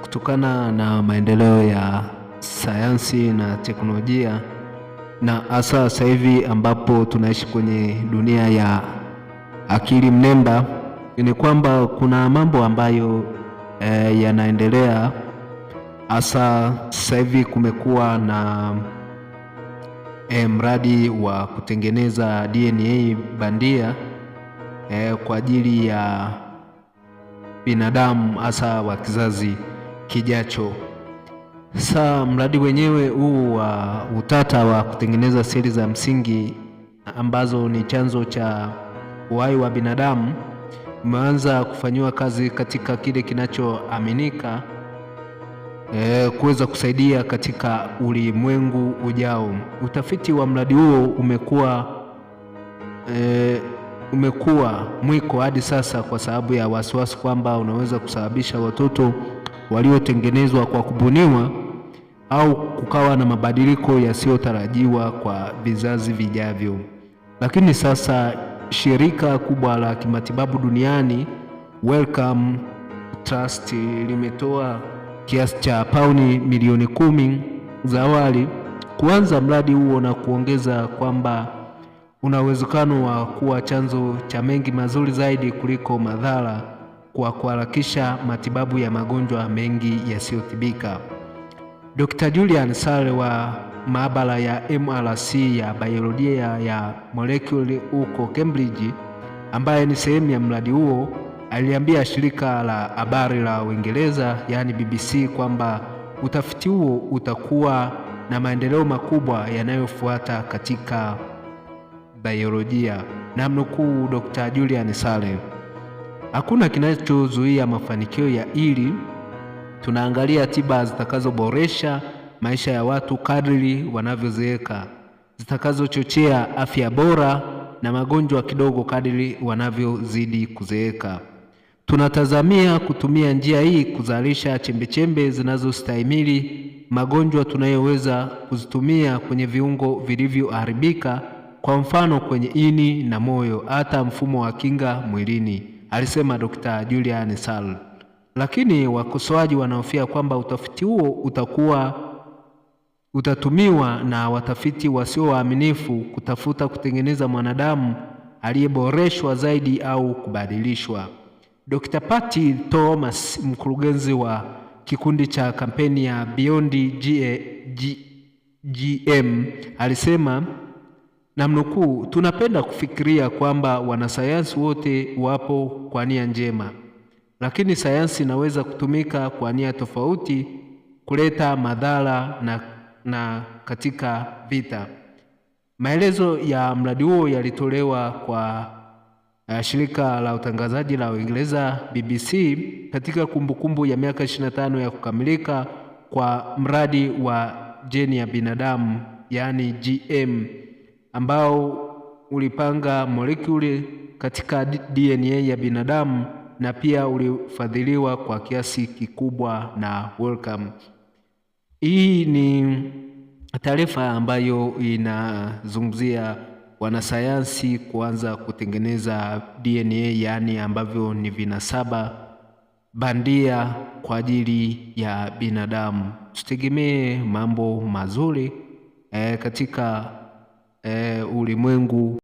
Kutokana na maendeleo ya sayansi na teknolojia na hasa sasa hivi ambapo tunaishi kwenye dunia ya akili mnemba, ni kwamba kuna mambo ambayo e, yanaendelea hasa sasa hivi. Kumekuwa na e, mradi wa kutengeneza DNA bandia e, kwa ajili ya binadamu hasa wa kizazi kijacho. Saa mradi wenyewe huu wa uh, utata wa kutengeneza seli za msingi ambazo ni chanzo cha uhai wa binadamu umeanza kufanyiwa kazi katika kile kinachoaminika e, kuweza kusaidia katika ulimwengu ujao. Utafiti wa mradi huo umekuwa e, umekuwa mwiko hadi sasa kwa sababu ya wasiwasi kwamba unaweza kusababisha watoto waliotengenezwa kwa kubuniwa au kukawa na mabadiliko yasiyotarajiwa kwa vizazi vijavyo. Lakini sasa shirika kubwa la kimatibabu duniani Wellcome Trust limetoa kiasi cha pauni milioni kumi za awali kuanza mradi huo na kuongeza kwamba una uwezekano wa kuwa chanzo cha mengi mazuri zaidi kuliko madhara kwa kuharakisha matibabu ya magonjwa mengi yasiyothibika. Dr. Julian Sare wa maabara ya MRC ya biolojia ya molekuli huko Cambridge, ambaye ni sehemu ya mradi huo, aliambia shirika la habari la Uingereza yaani BBC kwamba utafiti huo utakuwa na maendeleo makubwa yanayofuata katika biolojia. Namnukuu Dr. Julian Sare. Hakuna kinachozuia mafanikio ya ili, tunaangalia tiba zitakazoboresha maisha ya watu kadri wanavyozeeka, zitakazochochea afya bora na magonjwa kidogo kadri wanavyozidi kuzeeka. Tunatazamia kutumia njia hii kuzalisha chembechembe zinazostahimili magonjwa tunayoweza kuzitumia kwenye viungo vilivyoharibika, kwa mfano kwenye ini na moyo, hata mfumo wa kinga mwilini alisema Dr. Julian Sal. Lakini wakosoaji wanahofia kwamba utafiti huo utakuwa utatumiwa na watafiti wasio waaminifu kutafuta kutengeneza mwanadamu aliyeboreshwa zaidi au kubadilishwa. Dr. Patty Thomas, mkurugenzi wa kikundi cha kampeni ya Beyond GA, G, GM alisema namnukuu, tunapenda kufikiria kwamba wanasayansi wote wapo kwa nia njema, lakini sayansi inaweza kutumika kwa nia tofauti kuleta madhara na, na katika vita. Maelezo ya mradi huo yalitolewa kwa uh, shirika la utangazaji la Uingereza BBC katika kumbukumbu kumbu ya miaka 25 ya kukamilika kwa mradi wa jeni ya binadamu yaani GM ambao ulipanga molekuli katika DNA ya binadamu na pia ulifadhiliwa kwa kiasi kikubwa na WellCome. Hii ni taarifa ambayo inazungumzia wanasayansi kuanza kutengeneza DNA, yaani ambavyo ni vinasaba bandia kwa ajili ya binadamu. Tutegemee mambo mazuri eh, katika é, o limango,